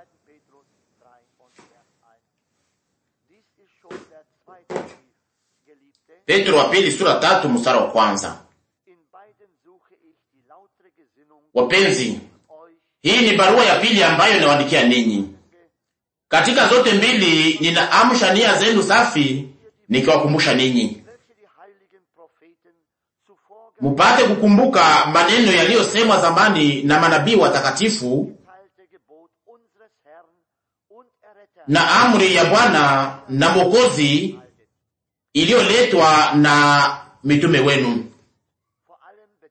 Petrus 3 und Vers 1. Dies ist schon der zweite Brief, Geliebte. Petro wa pili sura tatu mstari wa kwanza. In beiden suche ich die lautere Gesinnung. Wapenzi, hii ni barua ya pili ambayo nawaandikia ninyi. Katika zote mbili ninaamsha nia zenu safi, nikiwakumbusha ninyi mupate kukumbuka maneno yaliyosemwa zamani na manabii watakatifu na amri ya Bwana na Mwokozi iliyoletwa na mitume wenu.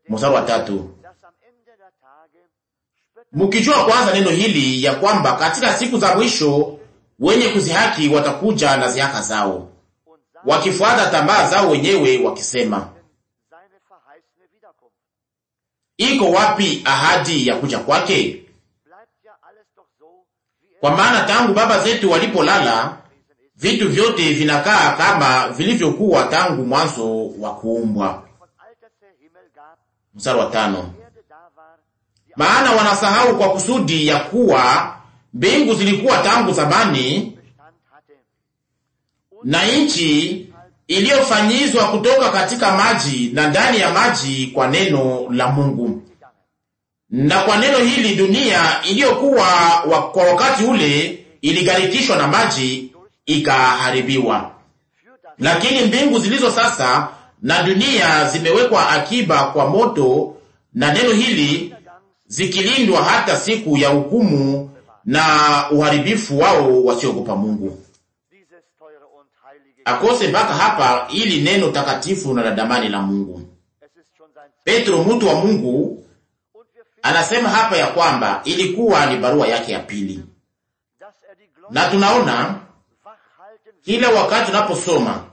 Mstari wa tatu, mukijua kwanza neno hili ya kwamba katika siku za mwisho wenye kuzihaki watakuja na zihaka zao, wakifuata tamaa zao wenyewe, wakisema iko wapi ahadi ya kuja kwake? Kwa maana tangu baba zetu walipolala, vitu vyote vinakaa kama vilivyokuwa tangu mwanzo wa kuumbwa. Mstari wa tano. Maana wanasahau kwa kusudi ya kuwa mbingu zilikuwa tangu zamani na nchi iliyofanyizwa kutoka katika maji na ndani ya maji kwa neno la Mungu, na kwa neno hili dunia iliyokuwa kwa wakati ule iligharitishwa na maji ikaharibiwa, lakini mbingu zilizo sasa na dunia zimewekwa akiba kwa moto na neno hili, zikilindwa hata siku ya hukumu na uharibifu wao wasiogopa Mungu. Akose mpaka hapa, ili neno takatifu na la damani la Mungu. Petro, mtu wa Mungu, Anasema hapa ya kwamba ilikuwa ni barua yake ya pili, na tunaona kila wakati tunaposoma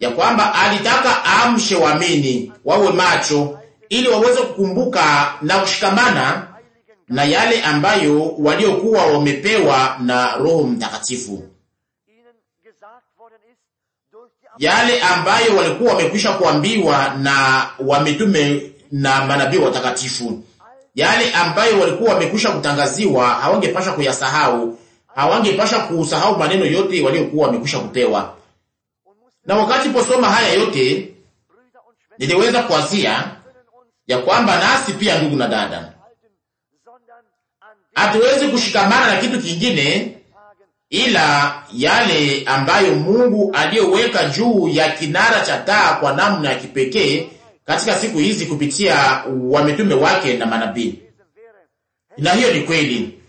ya kwamba alitaka amshe waamini wawe macho, ili waweze kukumbuka na kushikamana na yale ambayo waliokuwa wamepewa na Roho Mtakatifu, yale ambayo walikuwa wamekwisha kuambiwa na wametume na manabii watakatifu. Yale ambayo walikuwa wamekwisha kutangaziwa hawangepasha kuyasahau, hawangepasha kusahau maneno yote waliokuwa wamekwisha kupewa. Na wakati posoma haya yote, niliweza kuazia ya kwamba nasi pia, ndugu na dada, hatuwezi kushikamana na kitu kingine ila yale ambayo Mungu aliyoweka juu ya kinara cha taa kwa namna ya kipekee katika siku hizi kupitia wametume wake na manabii, na hiyo ni kweli.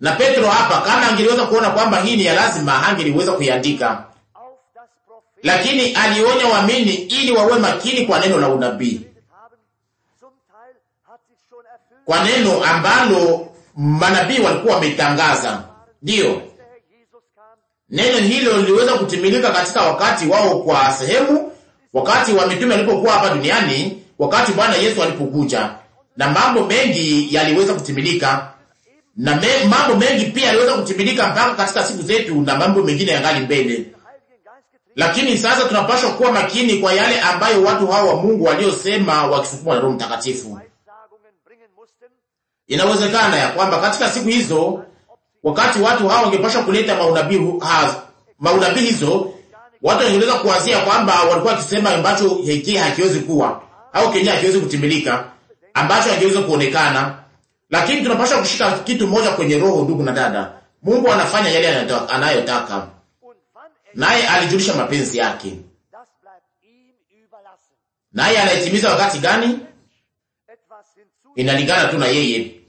Na Petro hapa, kama angeliweza kuona kwamba hii ni ya lazima, angeliweza kuiandika, lakini alionya waamini ili wawe makini kwa neno la unabii, kwa neno ambalo manabii walikuwa wametangaza. Ndiyo neno hilo liliweza kutimilika katika wakati wao kwa sehemu wakati wa mitume walipokuwa hapa duniani, wakati Bwana Yesu alipokuja, na mambo mengi yaliweza kutimilika, na me, mambo mengi pia yaliweza kutimilika mpaka katika siku zetu, na mambo mengine yangali mbele. Lakini sasa tunapaswa kuwa makini kwa yale ambayo watu hawa wa Mungu waliosema wakisukumwa na Roho Mtakatifu. Inawezekana ya kwamba katika siku hizo wakati watu hawa wangepasha kuleta maunabii hizo Watu wangeweza kuwazia kwamba walikuwa wakisema ambacho hiki hakiwezi kuwa au kenye hakiwezi kutimilika, ambacho hakiwezi kuonekana. Lakini tunapaswa kushika kitu moja kwenye roho, ndugu na dada. Mungu anafanya yale anayotaka, naye alijulisha mapenzi yake, naye anaitimiza wakati gani inalingana tu na yeye,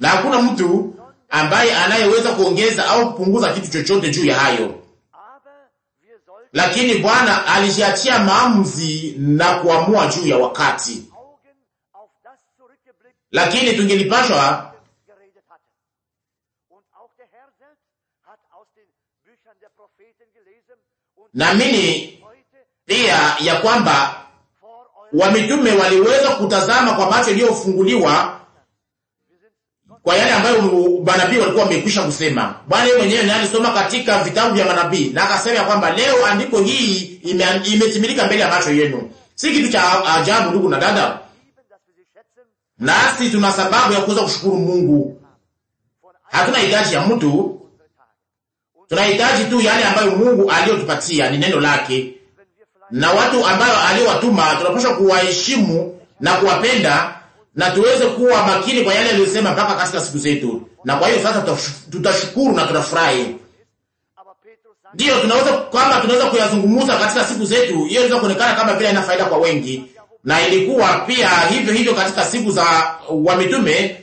na hakuna mtu ambaye anayeweza kuongeza au kupunguza kitu chochote juu ya hayo lakini Bwana alijiachia maamuzi na kuamua juu ya wakati, lakini tungelipashwa naamini pia ya kwamba wamitume waliweza kutazama kwa macho iliyofunguliwa kwa yale ambayo manabii walikuwa wamekwisha kusema. Bwana yeye mwenyewe ndiye alisoma katika vitabu vya manabii na akasema kwamba leo andiko hii imetimilika ime mbele ya macho yenu. Si kitu cha ajabu, ndugu na dada, nasi tuna sababu ya kuweza kushukuru Mungu. Hatuna hitaji ya mtu, tunahitaji tu yale ambayo Mungu aliyotupatia ni neno lake, na watu ambayo aliyowatuma tunapaswa kuwaheshimu na kuwapenda na tuweze kuwa makini kwa yale aliyosema mpaka katika siku zetu, na kwa hiyo sasa tutashukuru na tunafurahi. Ndiyo, tunaweza kama tunaweza kuyazungumza katika siku zetu, hiyo inaweza kuonekana kama vile ina faida kwa wengi, na ilikuwa pia hivyo hivyo katika siku za wa mitume,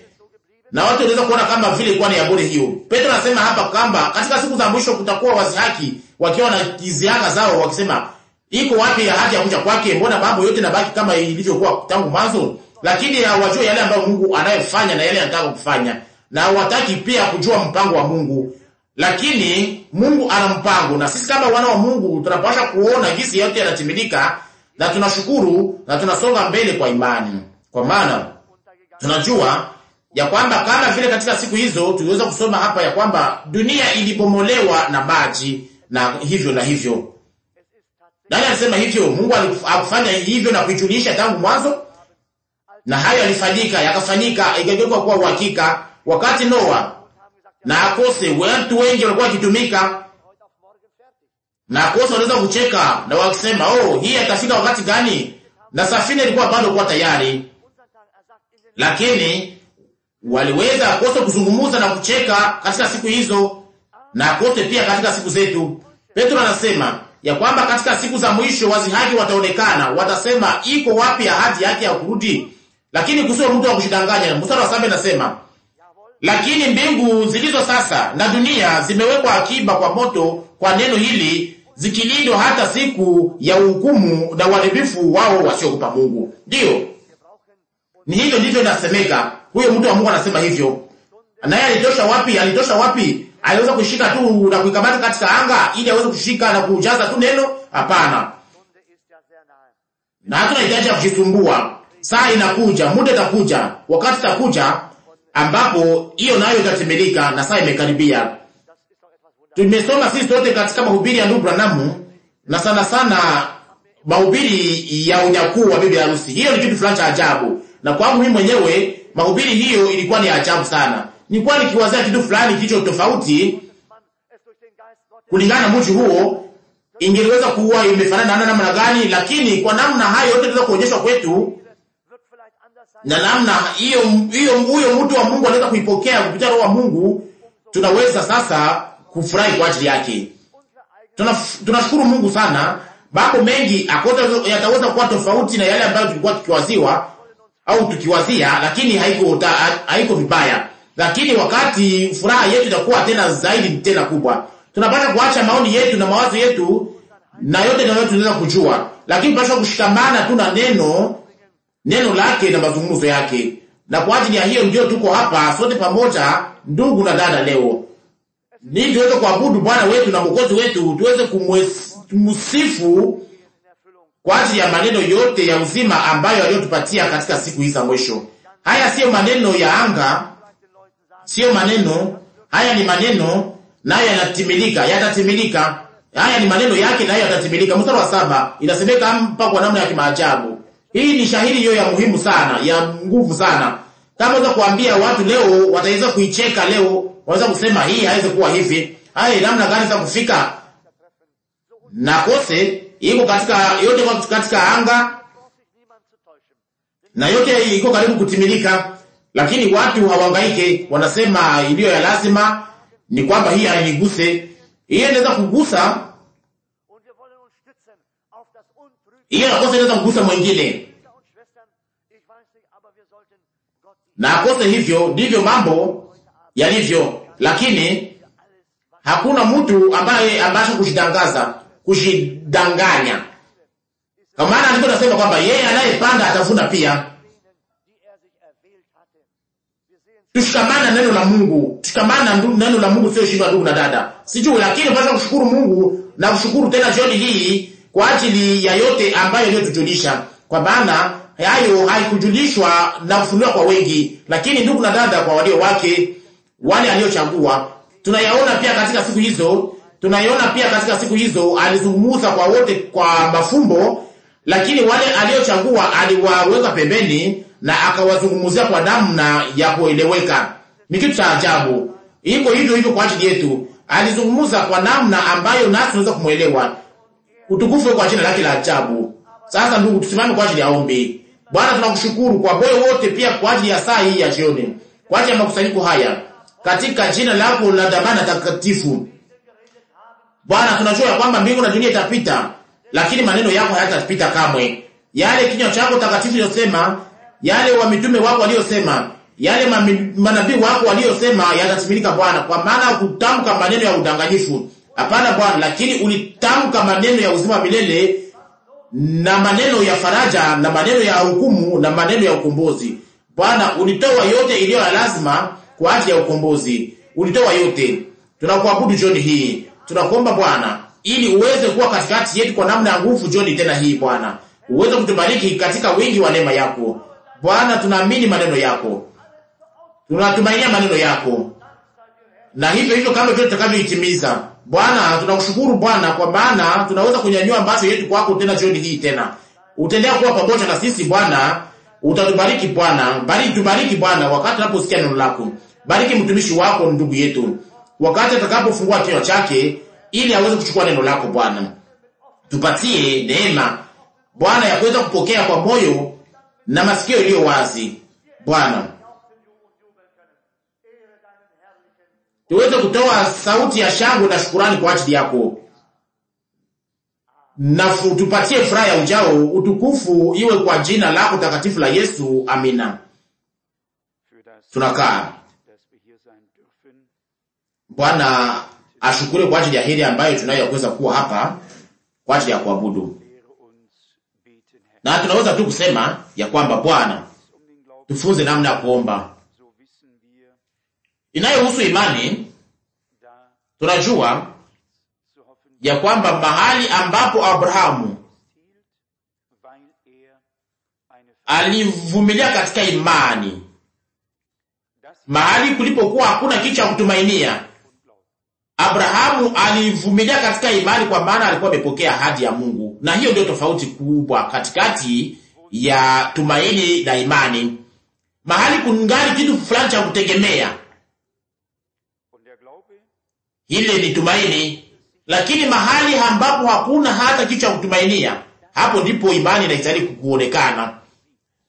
na watu wanaweza kuona kama vile ilikuwa ni ya bure. Hiyo Petro anasema hapa kwamba katika siku za mwisho kutakuwa wazihaki wakiwa na kiziaga zao wakisema, iko wapi ahadi ya kuja kwake? Mbona mambo yote nabaki kama ilivyokuwa tangu mwanzo? lakini hawajui yale ambayo Mungu anayefanya na yale anataka kufanya, na hawataki pia kujua mpango wa Mungu. Lakini Mungu ana mpango, na sisi kama wana wa Mungu tunapaswa kuona jinsi yote yanatimilika, na tunashukuru na tunasonga mbele kwa imani, kwa maana tunajua ya kwamba kama vile katika siku hizo tuliweza kusoma hapa ya kwamba dunia ilibomolewa na maji na hivyo na hivyo. Nani anasema hivyo? Mungu alikufanya hivyo na kuijulisha tangu mwanzo na hayo yalifanyika yakafanyika, ikageuka kuwa uhakika. Wakati Noa na akose watu wengi walikuwa wakitumika, na akose wanaweza kucheka na wakisema oh, hii atafika wakati gani? Na safina ilikuwa bado kuwa tayari, lakini waliweza akose kuzungumza na kucheka katika siku hizo, na akose pia katika siku zetu. Petro anasema ya kwamba katika siku za mwisho wazihaji wataonekana, watasema iko wapi ahadi yake ya kurudi lakini kusio mtu wa kujidanganya. Mstari wa saba inasema lakini mbingu zilizo sasa na dunia zimewekwa akiba kwa moto kwa neno hili, zikilindwa hata siku ya hukumu na uharibifu wao wasiokupa Mungu. Ndiyo, ni hivyo ndivyo inasemeka. Huyo mtu wa Mungu anasema hivyo, naye alitosha wapi? Alitosha wapi? Aliweza kushika tu na kuikamata katika anga ili aweze kushika na kujaza tu neno? Hapana, na hatuna hitaji ya kujisumbua saa inakuja, muda itakuja, wakati itakuja ambapo hiyo nayo itatimilika, na saa imekaribia. Tumesoma sisi wote katika mahubiri ya ndugu Branham na sana sana mahubiri ya unyakuu wa bibi harusi. Hiyo ni kitu fulani cha ajabu, na kwangu mimi mwenyewe mahubiri hiyo ilikuwa ni ajabu sana. Nilikuwa nikiwazia kitu fulani kilicho tofauti kulingana na mji huo, ingeliweza kuwa imefanana na namna gani, lakini kwa namna hayo yote tunaweza kuonyeshwa kwetu na namna hiyo hiyo huyo mtu wa Mungu anaweza kuipokea kupitia roho wa Mungu, tunaweza sasa kufurahi kwa ajili yake. Tunashukuru Mungu sana. Mambo mengi akoza yataweza kuwa tofauti na yale ambayo tulikuwa tukiwaziwa au tukiwazia, lakini haiko haiko vibaya. Lakini wakati furaha yetu itakuwa tena zaidi tena kubwa, tunapata kuacha maoni yetu na mawazo yetu na yote na yote tunaweza kujua, lakini basi kushikamana tu na neno neno lake na mazungumzo yake. Na kwa ajili ya hiyo ndio tuko hapa sote pamoja, ndugu na dada, leo ni tuweze kuabudu Bwana wetu na Mwokozi wetu, tuweze kumsifu kwa ajili ya maneno yote ya uzima ambayo aliyotupatia katika siku hizi za mwisho. Haya siyo maneno ya anga, siyo maneno haya, ni maneno nayo yanatimilika, yatatimilika. Haya ni maneno yake nayo yatatimilika. Mstari wa saba inasemeka hapa kwa namna ya kimaajabu hii ni shahidi hiyo ya muhimu sana, ya nguvu sana. Kama waweza kuambia watu leo, wataweza kuicheka leo, waweza kusema hii haiwezi kuwa hivi. Hai namna gani za kufika? Na kose iko katika yote kwa katika anga na yote iko karibu kutimilika, lakini watu hawangaike wanasema iliyo ya lazima ni kwamba hii hainiguse. Hii inaweza kugusa hiyo nakosa inaweza kugusa mwingine na akose. Hivyo ndivyo mambo yalivyo, lakini hakuna mtu ambaye anapasha kujitangaza kujidanganya, kwa maana ndipo nasema kwamba yeye anayepanda atavuna pia. Tushikamana neno la Mungu, tushikamana neno la Mungu, sio shida ndugu na dada, sijui, lakini unapaswa kushukuru Mungu na kushukuru tena jioni hii kwa ajili ya yote ambayo aliyotujulisha, kwa maana hayo haikujulishwa na kufunuliwa kwa wengi, lakini ndugu na dada, kwa walio wake, wale aliyochagua. Tunayaona pia katika siku hizo, tunayaona pia katika siku hizo, alizungumza kwa wote kwa mafumbo, lakini wale aliyochagua aliwaweka pembeni na akawazungumzia kwa namna ya kueleweka. Ni kitu cha ajabu. Iko hivyo hivyo kwa ajili yetu, alizungumza kwa namna ambayo nasi tunaweza kumwelewa utukufu kwa jina lake la ajabu. Sasa ndugu, tusimame kwa ajili ya ombi. Bwana, tunakushukuru kwa moyo wote, pia kwa ajili ya saa hii ya jioni, kwa ajili ya makusanyiko haya, katika jina lako la dhamana takatifu. Bwana, tunajua kwamba mbingu na dunia itapita, lakini maneno yako hayatapita kamwe. Yale kinywa chako takatifu yosema, yale wa mitume wako waliosema, yale manabii wako waliosema yatatimilika Bwana, kwa maana kutamka maneno ya udanganyifu Hapana Bwana, lakini ulitamka maneno ya uzima milele na maneno ya faraja na maneno ya hukumu na maneno ya ukombozi. Bwana, ulitoa yote iliyo lazima kwa ajili ya ukombozi. Ulitoa yote. Tunakuabudu jioni hii. Tunakuomba Bwana ili uweze kuwa katikati yetu kwa namna ya nguvu jioni tena hii Bwana. Uweze kutubariki katika wingi wa neema yako. Bwana, tunaamini maneno yako. Tunatumainia maneno yako. Na hivyo hivyo kama vile tutakavyoitimiza. Bwana, tunakushukuru Bwana kwa maana tunaweza kunyanyua macho yetu kwako tena jioni hii tena. Utendea kuwa pamoja na sisi Bwana, utatubariki Bwana, bariki tubariki Bwana wakati tunaposikia neno lako. Bariki mtumishi wako ndugu yetu wakati atakapofungua kinywa chake ili aweze kuchukua neno lako Bwana. Tupatie neema Bwana ya kuweza kupokea kwa moyo na masikio yaliyo wazi Bwana. tuweze kutoa sauti ya shangwe na shukurani kwa ajili yako, na tupatie furaha ya ujao. Utukufu iwe kwa jina lako takatifu la Yesu, amina. Tunakaa. Bwana ashukuriwe kwa ajili ya heri ambayo tunayo kuweza kuwa hapa kwa ajili ya kuabudu, na tunaweza tu kusema ya kwamba Bwana tufunze namna ya kuomba inayohusu imani, tunajua ya kwamba mahali ambapo Abrahamu alivumilia katika imani, mahali kulipokuwa hakuna kitu cha kutumainia, Abrahamu alivumilia katika imani, kwa maana alikuwa amepokea ahadi ya Mungu. Na hiyo ndio tofauti kubwa katikati ya tumaini na imani. Mahali kungali kitu fulani cha kutegemea Hili ni tumaini, lakini mahali ambapo hakuna hata kitu cha kutumainia, hapo ndipo imani inahitaji kuonekana.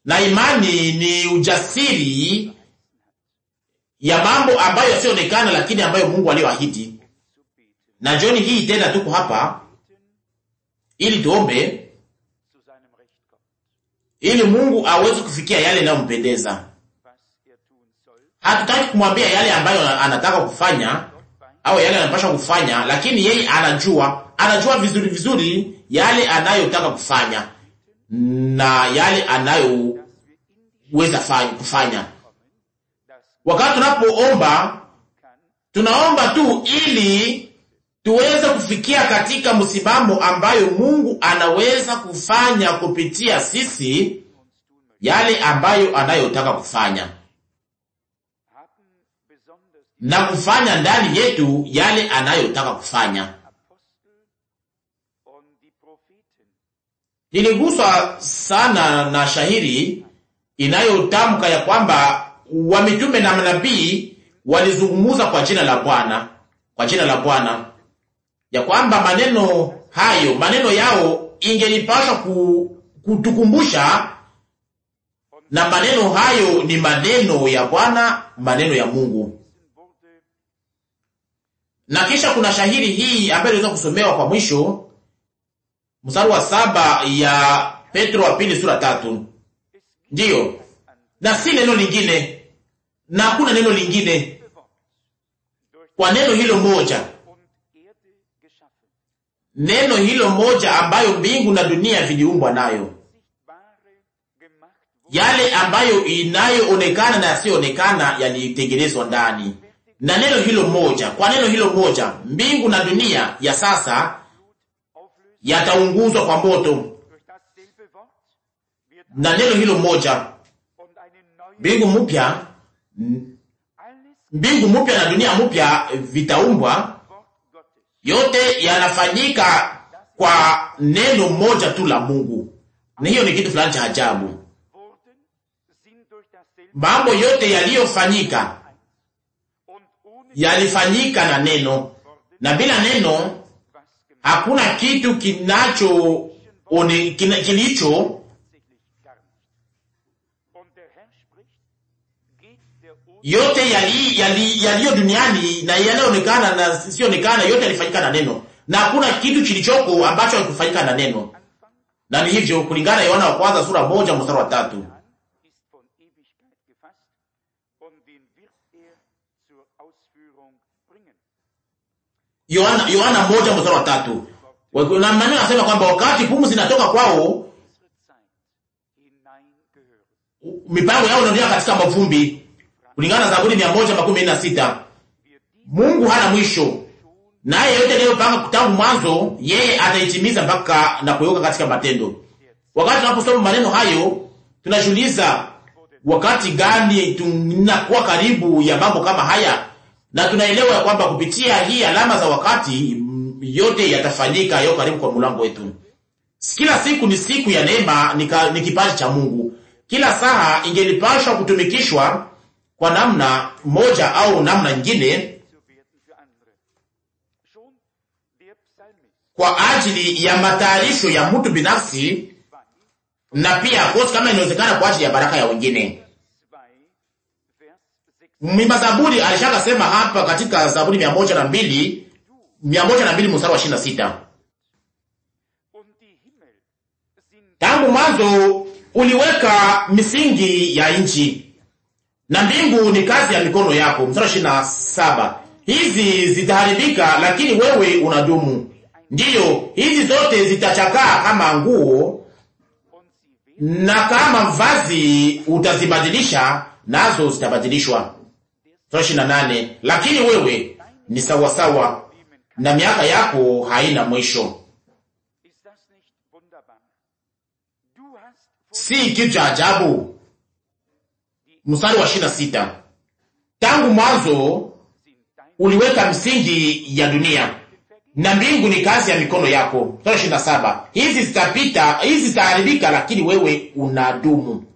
Na imani ni ujasiri ya mambo ambayo yasionekana, lakini ambayo Mungu aliyoahidi. Na jioni hii tena tuko hapa ili tuombe, ili Mungu aweze kufikia yale yanayompendeza. Hatutaki kumwambia yale ambayo anataka kufanya, au yale anapasha kufanya, lakini yeye anajua, anajua vizuri vizuri yale anayotaka kufanya na yale anayoweza kufanya. Wakati tunapoomba tunaomba tu ili tuweze kufikia katika msimamo ambayo Mungu anaweza kufanya kupitia sisi yale ambayo anayotaka kufanya na kufanya ndani yetu yale anayotaka kufanya. Niliguswa sana na shahiri inayotamka ya kwamba wamitume na manabii walizungumza kwa jina la Bwana, kwa jina la Bwana, ya kwamba maneno hayo, maneno yao ingenipasha ku, kutukumbusha na maneno hayo ni maneno ya Bwana, maneno ya Mungu. Na kisha kuna shahiri hii ambayo inaweza kusomewa kwa mwisho mstari wa saba ya Petro wa pili sura tatu. Ndiyo, na si neno lingine, na hakuna neno lingine. Kwa neno hilo moja, neno hilo moja ambayo mbingu na dunia viliumbwa nayo, yale ambayo inayoonekana na yasiyoonekana yalitengenezwa ndani na neno hilo moja, kwa neno hilo moja mbingu na dunia ya sasa yataunguzwa kwa moto. Na neno hilo moja mbingu mpya, mbingu mpya na dunia mpya vitaumbwa. Yote yanafanyika kwa neno moja tu la Mungu, na hiyo ni kitu fulani cha ajabu. Mambo yote yaliyofanyika yalifanyika na neno, na bila neno hakuna kitu kinacho one, kin, kilicho yote yaliyo yali, yali duniani na yanayoonekana na sionekana, yote yalifanyika na neno, na hakuna kitu kilichoko ambacho hakufanyika na neno. Na ni hivyo kulingana Yohana wa kwanza sura moja mstari wa tatu. Yohana Yohana moja mstari wa tatu na maneno yanasema kwamba wakati pumu zinatoka kwao mipango yao inaendelea katika mavumbi, kulingana na Zaburi mia moja makumi na sita. Mungu hana mwisho, naye yote aliyopanga tangu mwanzo yeye ataitimiza mpaka na kuyoka katika matendo. Wakati tunaposoma maneno hayo, tunajiuliza wakati gani tunakuwa karibu ya mambo kama haya na tunaelewa ya kwamba kupitia hii alama za wakati mm, yote yatafanyika yo karibu kwa mlango wetu. Kila siku ni siku ya neema, ni kipaji cha Mungu. Kila saa ingelipashwa kutumikishwa kwa namna moja au namna nyingine kwa ajili ya matayarisho ya mtu binafsi na pia kosi, kama inawezekana, kwa ajili ya baraka ya wengine. Mwimba Zaburi alishaka sema hapa katika Zaburi mia moja na mbili mia moja na mbili mstari wa ishirini na sita tangu mwanzo uliweka misingi ya nchi na mbingu ni kazi ya mikono yako. Mstari wa ishirini na saba hizi zitaharibika, lakini wewe unadumu. Ndiyo, hizi zote zitachakaa kama nguo na kama vazi utazibadilisha, nazo zitabadilishwa. 28, lakini wewe ni sawasawa na miaka yako haina mwisho. Si kitu cha ajabu. Mstari wa 26, tangu mwanzo uliweka msingi ya dunia na mbingu ni kazi ya mikono yako. Mstari wa 27, hizi zitapita, hizi zitaharibika, lakini wewe unadumu.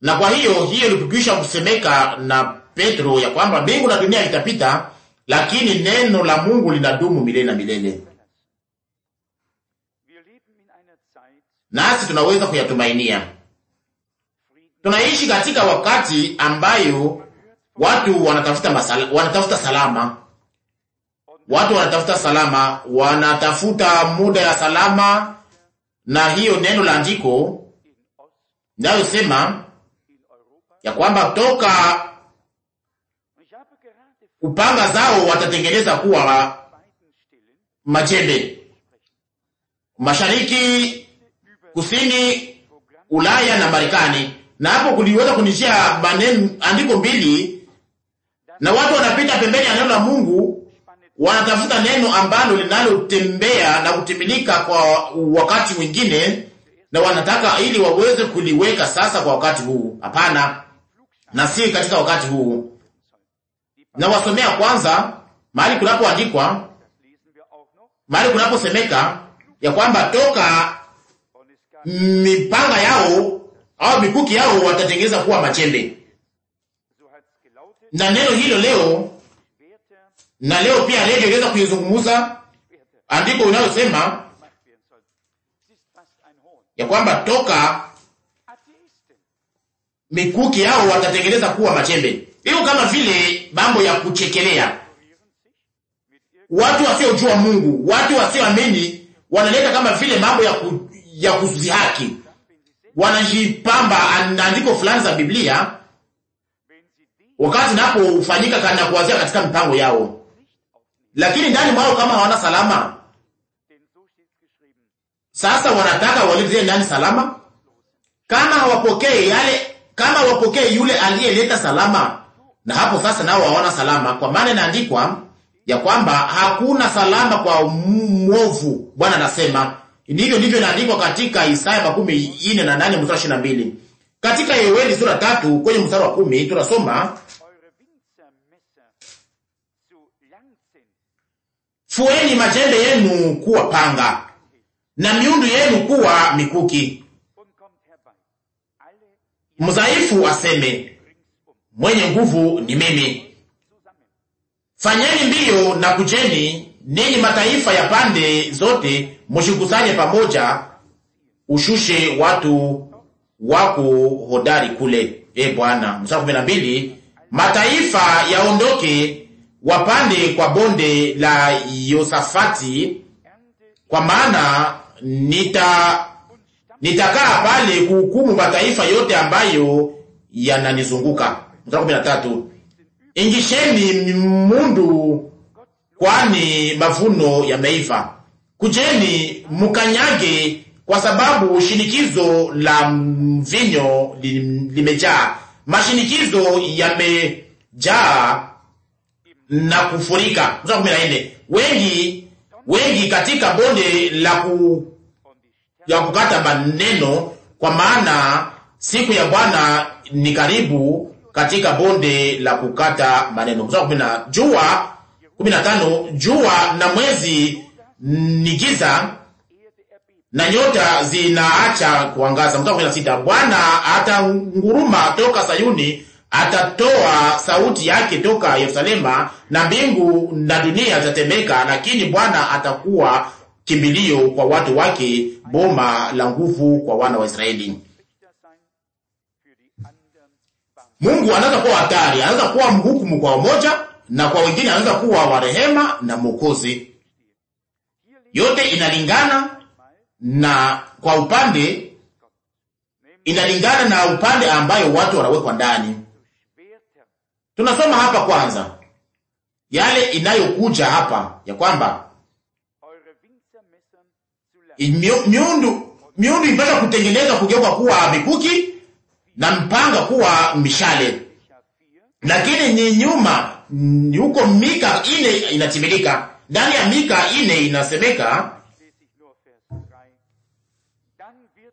Na kwa hiyo hiyo ilikwisha kusemeka na Petro ya kwamba mbingu na dunia itapita, lakini neno la Mungu linadumu milele na milele, nasi tunaweza kuyatumainia. Tunaishi katika wakati ambayo watu wanatafuta masala, wanatafuta salama, watu wanatafuta salama, wanatafuta muda ya salama, na hiyo neno la andiko nayosema ya kwamba toka upanga zao watatengeneza kuwa majembe. Mashariki, kusini, Ulaya na Marekani. Na hapo kuliweza kunishia maneno andiko mbili, na watu wanapita pembeni ya neno la Mungu, wanatafuta neno ambalo linalotembea na kutimilika kwa wakati mwingine, na wanataka ili waweze kuliweka sasa kwa wakati huu. Hapana, na si katika wakati huu. Nawasomea kwanza mahali kunapoandikwa, mahali kunaposemeka ya kwamba toka mipanga yao au mikuki yao watatengeneza kuwa machembe. Na neno hilo leo na leo pia leo iliweza kuizungumza andiko unayosema ya kwamba toka mikuki yao watatengeneza kuwa machembe. Hiyo kama vile mambo ya kuchekelea, watu wasiojua Mungu, watu wasioamini wanaleta kama vile mambo ya, ku, ya kuzihaki, wanajipamba andiko fulani za Biblia wakati napo ufanyika kana kuanzia katika mipango yao, lakini ndani mwao kama hawana salama. Sasa wanataka walizie ndani salama, kama hawapokee yale kama wapokee yule aliyeleta salama, na hapo sasa nao waona salama, kwa maana inaandikwa ya kwamba hakuna salama kwa mwovu, Bwana anasema ndivyo. Ndivyo inaandikwa katika Isaya makumi na nane mstari ishirini na mbili. Katika Yoeli sura tatu kwenye mstari wa kumi tunasoma fueni majembe yenu kuwa panga na miundu yenu kuwa mikuki mdhaifu aseme mwenye nguvu ni mimi. Fanyeni mbio na kujeni, ninyi mataifa ya pande zote, mushikusanye pamoja, ushushe watu wako hodari kule. E Bwana. Mstari kumi na mbili, mataifa yaondoke wapande kwa bonde la Yosafati, kwa maana nita nitakaa pale kuhukumu mataifa yote ambayo yananizunguka. Mstari ingisheni mundu, kwani mavuno yameiva. Kujeni mukanyage, kwa sababu shinikizo la mvinyo limejaa. Mashinikizo yamejaa na kufurika. Mstari kumi na nne, wengi wengi katika bonde la ku ya kukata maneno, kwa maana siku ya Bwana ni karibu katika bonde la kukata maneno. Jua kumi na tano, jua na mwezi ni giza na nyota zinaacha kuangaza. Mstari kumi na sita, Bwana atanguruma toka Sayuni, atatoa sauti yake toka Yerusalema, na mbingu na dunia zitatemeka, lakini Bwana atakuwa kimbilio kwa watu wake, boma la nguvu kwa wana wa Israeli. Mungu anaweza kuwa hatari, anaweza kuwa mhukumu kwa wamoja, na kwa wengine anaweza kuwa warehema na mwokozi. Yote inalingana na kwa upande, inalingana na upande ambayo watu wanawekwa ndani. Tunasoma hapa kwanza yale inayokuja hapa ya kwamba miundu miundu ipasha kutengeneza kugeuka kuwa mikuki na mpanga kuwa mishale, lakini ni nyuma huko Mika ine inatimilika. Ndani ya Mika ine inasemeka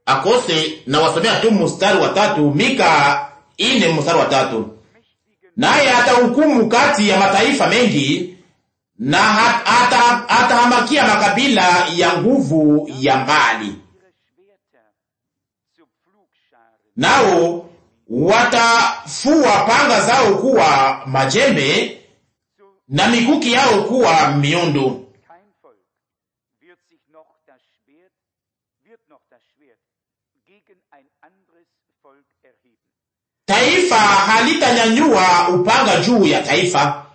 akose na wasomea tu mstari wa tatu, Mika ine mstari wa tatu, naye atahukumu kati ya mataifa mengi na atahamakia makabila ya nguvu ya mbali, nao watafua panga zao kuwa majembe na mikuki yao kuwa miundu. Taifa halitanyanyua upanga juu ya taifa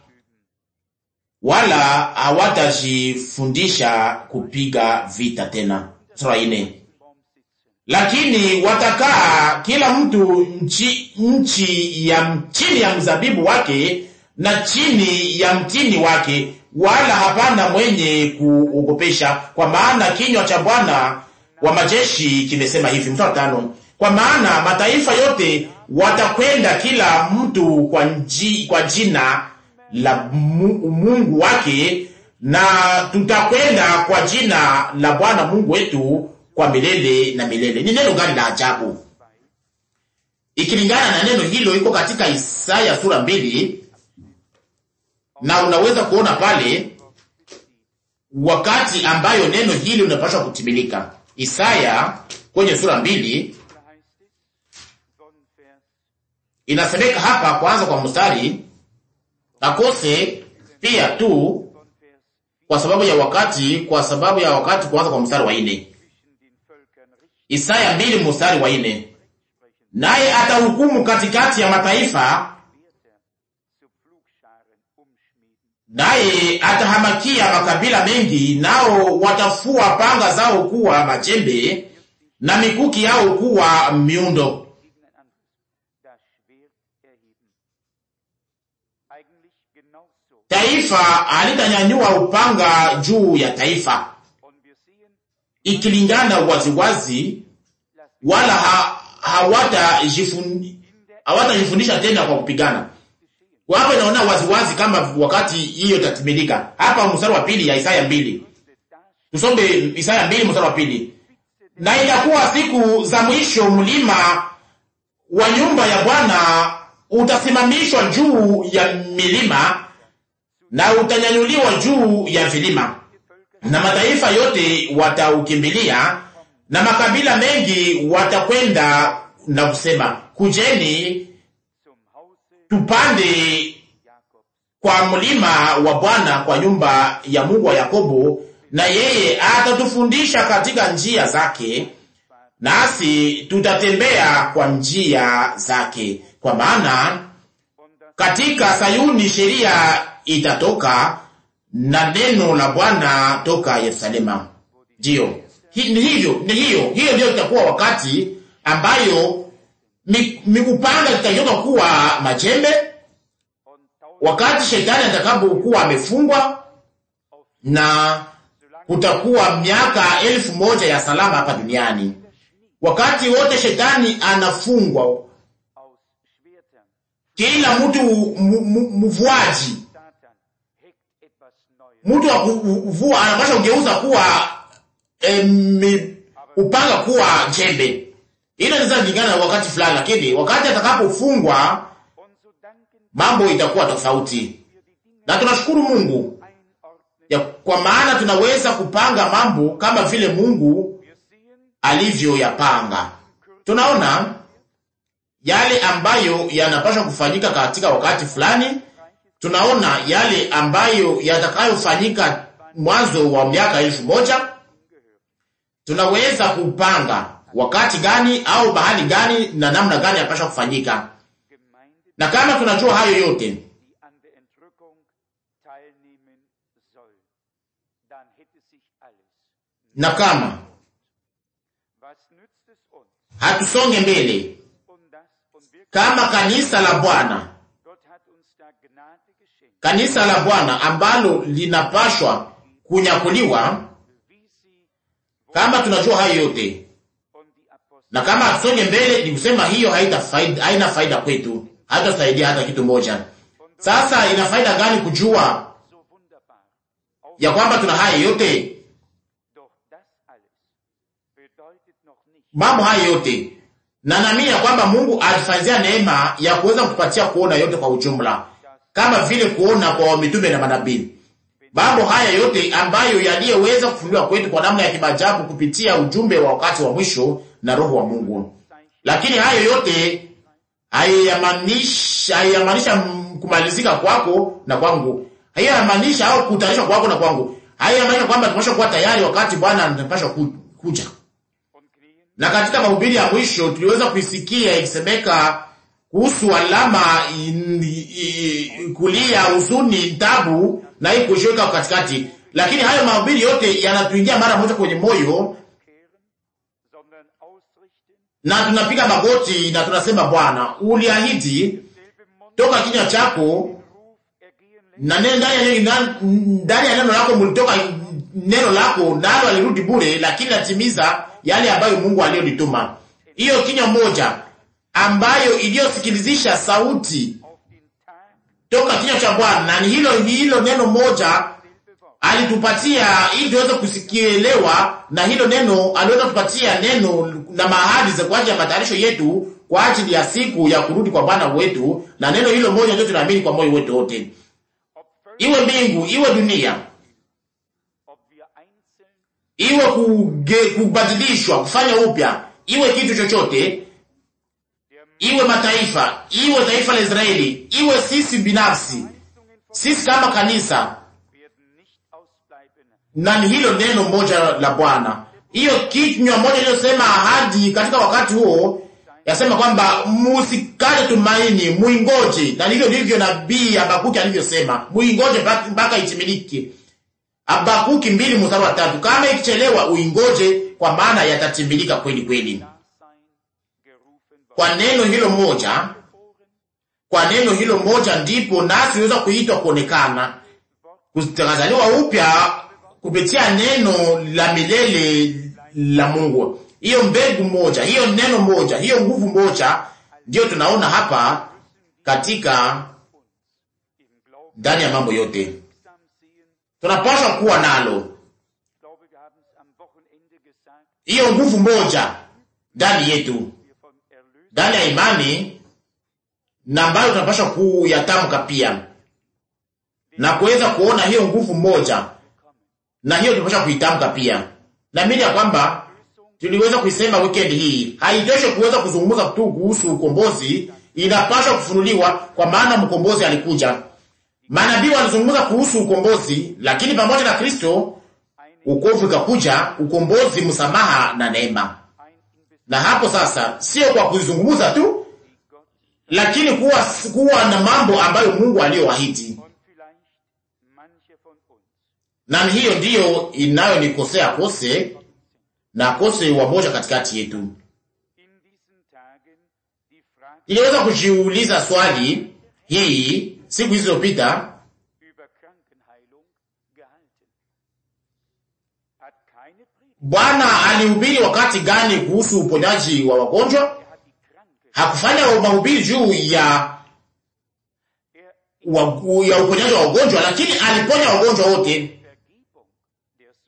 wala hawatajifundisha kupiga vita tena. Sura ine, lakini watakaa kila mtu nchi, nchi ya chini ya mzabibu wake na chini ya mtini wake, wala hapana mwenye kuogopesha, kwa maana kinywa cha Bwana wa majeshi kimesema hivi. Mstari tano, kwa maana mataifa yote watakwenda kila mtu kwa, nji, kwa jina la Mungu wake, na tutakwenda kwa jina la Bwana Mungu wetu kwa milele na milele. Ni neno gani la ajabu! Ikilingana na neno hilo iko katika Isaya sura mbili, na unaweza kuona pale wakati ambayo neno hili unapaswa kutimilika. Isaya kwenye sura mbili inasemeka hapa kwanza kwa mstari akose pia tu kwa sababu ya wakati, kwa sababu ya wakati kuanza kwa mstari wa nne. Isaya mbili mstari wa nne, naye atahukumu katikati ya mataifa, naye atahamakia makabila mengi, nao watafua panga zao kuwa majembe na mikuki yao kuwa miundo taifa halitanyanyua upanga juu ya taifa ikilingana waziwazi, wala ha, hawatajifundisha tena kwa kupigana. Kwa hapa inaona waziwazi kama wakati hiyo itatimilika. Hapa mstari wa pili ya Isaya mbili, tusombe Isaya mbili mstari wa pili: na itakuwa siku za mwisho, mlima wa nyumba ya Bwana utasimamishwa juu ya milima na utanyanyuliwa juu ya vilima, na mataifa yote wataukimbilia, na makabila mengi watakwenda na kusema, kujeni tupande kwa mlima wa Bwana, kwa nyumba ya Mungu wa Yakobo, na yeye atatufundisha katika njia zake, nasi tutatembea kwa njia zake. Kwa maana katika Sayuni sheria itatoka na neno la Bwana toka Yerusalema. Ndiyo, ni hiyo ni hiyo hiyo, ndiyo itakuwa wakati ambayo mikupanga itageuka kuwa majembe, wakati shetani kuwa amefungwa, na kutakuwa miaka elfu moja ya salama hapa duniani. Wakati wote shetani anafungwa, kila mtu mvuaji mtu akuvua anapasha kugeuza kuwa em, eh, upanga kuwa jembe. Ile linaweza kulingana na wakati fulani, lakini wakati atakapofungwa mambo itakuwa tofauti. Na tunashukuru Mungu ya kwa maana tunaweza kupanga mambo kama vile Mungu alivyoyapanga. Tunaona yale ambayo yanapaswa kufanyika katika wakati fulani tunaona yale ambayo yatakayofanyika mwanzo wa miaka elfu moja. Tunaweza kupanga wakati gani au bahali gani na namna gani yapasha kufanyika, na kama tunajua hayo yote na kama hatusonge mbele kama kanisa la Bwana kanisa la Bwana ambalo linapashwa kunyakuliwa. Kama tunajua hayo yote na kama hatusonge mbele, ni kusema hiyo haita faida, haina faida kwetu, haitasaidia hata kitu moja. Sasa ina faida gani kujua ya kwamba tuna haya yote, mambo haya yote na nami ya kwamba Mungu alifanyia neema ya kuweza kutupatia kuona yote kwa ujumla, kama vile kuona kwa mitume na manabii. Mambo haya yote ambayo yaliyeweza kufunuliwa kwetu kwa namna ya kimaajabu kupitia ujumbe wa wakati wa mwisho na Roho wa Mungu. Lakini hayo yote haiyamaanisha kumalizika kwako na kwangu, haiyamaanisha au kutarishwa kwako na kwangu, haiyamaanisha kwamba tumesha kuwa tayari wakati Bwana anapaswa kuja. Na katika mahubiri ya mwisho tuliweza kuisikia ikisemeka kuhusu alama in, in, kulia, huzuni, tabu na hii kushoka katikati, lakini hayo mahubiri yote yanatuingia mara moja kwenye moyo na tunapiga magoti na tunasema, Bwana uliahidi toka kinywa chako na ndani ya neno lako mulitoka neno lako nalo alirudi bure, lakini natimiza yale ambayo Mungu aliyonituma. Hiyo kinywa moja ambayo iliyosikilizisha sauti toka kinywa cha Bwana. Ni hilo hilo neno moja alitupatia ili tuweze kusikielewa, na hilo neno aliweza kupatia neno na mahali za kwa ajili ya matayarisho yetu kwa ajili ya siku ya kurudi kwa Bwana wetu, na neno hilo moja ndio tunaamini kwa moyo wetu wote, iwe mbingu iwe dunia iwe kubadilishwa kufanya upya iwe kitu chochote iwe mataifa, iwe taifa la Israeli, iwe sisi binafsi, sisi kama kanisa, na ni hilo neno moja la Bwana, hiyo kinywa moja iliyosema ahadi katika wakati huo yasema kwamba musikate tumaini, muingoje. Na hivyo ndivyo nabii Habakuki alivyosema, muingoje mpaka itimiliki Habakuki mbili mstari wa tatu. Kama ikichelewa uingoje, kwa maana yatatimilika kweli kweli. Kwa neno hilo moja, kwa neno hilo moja ndipo nasi tunaweza kuitwa kuonekana, kutangazaliwa upya kupitia neno la milele la Mungu. Hiyo mbegu moja, hiyo neno moja, hiyo nguvu moja ndiyo tunaona hapa katika ndani ya mambo yote tunapaswa kuwa nalo hiyo nguvu moja ndani yetu ndani ya imani na ambayo tunapaswa kuyatamka pia na kuweza kuona hiyo nguvu moja, na hiyo tunapaswa kuitamka pia. Naamini ya kwamba tuliweza kuisema weekend hii, haitoshi kuweza kuzungumza tu kuhusu ukombozi, inapaswa kufunuliwa, kwa maana mkombozi alikuja. Manabii walizungumza kuhusu ukombozi, lakini pamoja na Kristo ukovu ikakuja, ukombozi, msamaha na neema. Na hapo sasa sio kwa kuizungumza tu, lakini kuwa, kuwa na mambo ambayo Mungu aliyoahidi. Na hiyo ndiyo inayonikosea kose na kose wamoja katikati yetu. Niliweza kujiuliza swali hii siku pita Bwana alihubiri wakati gani kuhusu uponyaji wa wagonjwa? Er Hakufanya mahubiri juu ya er ya uponyaji wa wagonjwa, lakini aliponya wagonjwa wote.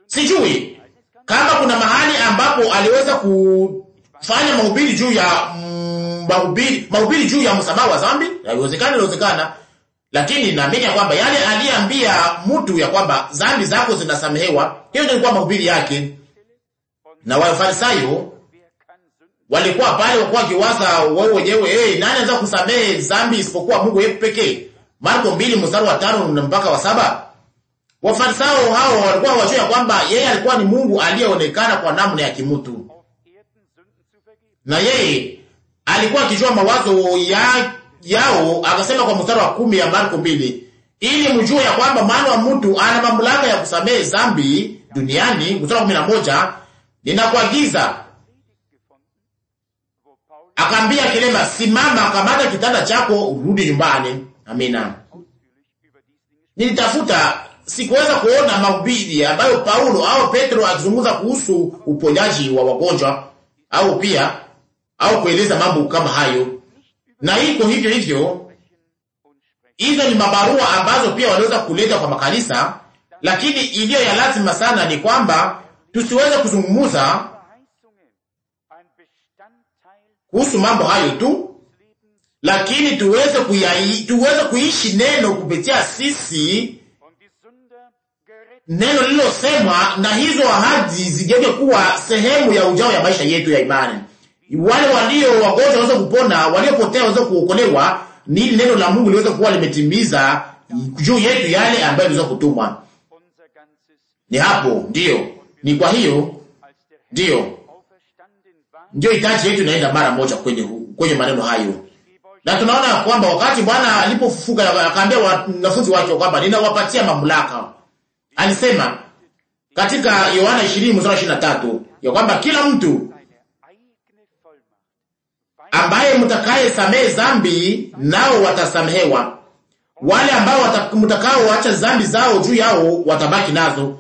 Sijui kama kuna mahali ambapo aliweza kufanya mahubiri juu ya mm, mahubiri juu ya msamaha wa dhambi. Haiwezekani, inawezekana lakini naamini ya kwamba yale aliambia mtu ya kwamba dhambi zako zinasamehewa, hiyo ndio ilikuwa mahubiri yake. Na wafarisayo walikuwa pale, walikuwa kiwaza wao wenyewe, hey, nani anaweza kusamehe dhambi isipokuwa Mungu yeye pekee? Marko 2 mstari wa 5 mpaka wa saba. Wafarisayo hao walikuwa hawajui ya kwamba yeye alikuwa ni Mungu aliyeonekana kwa namna ya kimtu, na yeye alikuwa akijua mawazo ya yao, akasema kwa mstari wa kumi ya Marko mbili, ili mjue ya kwamba mwana wa mtu ana mamlaka ya kusamehe zambi duniani. Mstari wa kumi na moja, ninakuagiza akaambia kilema, simama, kamata kitanda chako urudi nyumbani. Amina. Nilitafuta, sikuweza kuona mahubiri ambayo Paulo au Petro akizungumza kuhusu uponyaji wa wagonjwa au pia au kueleza mambo kama hayo na iko hivyo hivyo. Hizo ni mabarua ambazo pia waliweza kuleta kwa makanisa, lakini iliyo ya lazima sana ni kwamba tusiweze kuzungumuza kuhusu mambo hayo tu, lakini tuweze kuyai, tuweze kuishi neno kupitia sisi neno lililosemwa na hizo ahadi zijenge kuwa sehemu ya ujao ya maisha yetu ya imani wale walio wagonjwa waweze kupona, waliopotea waweze kuokolewa, ni neno la Mungu liweze kuwa limetimiza juu yetu yale ambayo iliweza kutumwa. Ni hapo ndiyo, ni kwa hiyo ndiyo, ndiyo hitaji yetu inaenda mara moja kwenye, kwenye maneno hayo na tunaona kwamba wakati Bwana alipofufuka akaambia wanafunzi wake kwamba ninawapatia mamlaka, alisema katika Yohana 20:23 ya kwamba kila mtu ambaye mtakayesamehe dhambi nao watasamehewa, wale ambao mtakaoacha zambi zao juu yao watabaki nazo.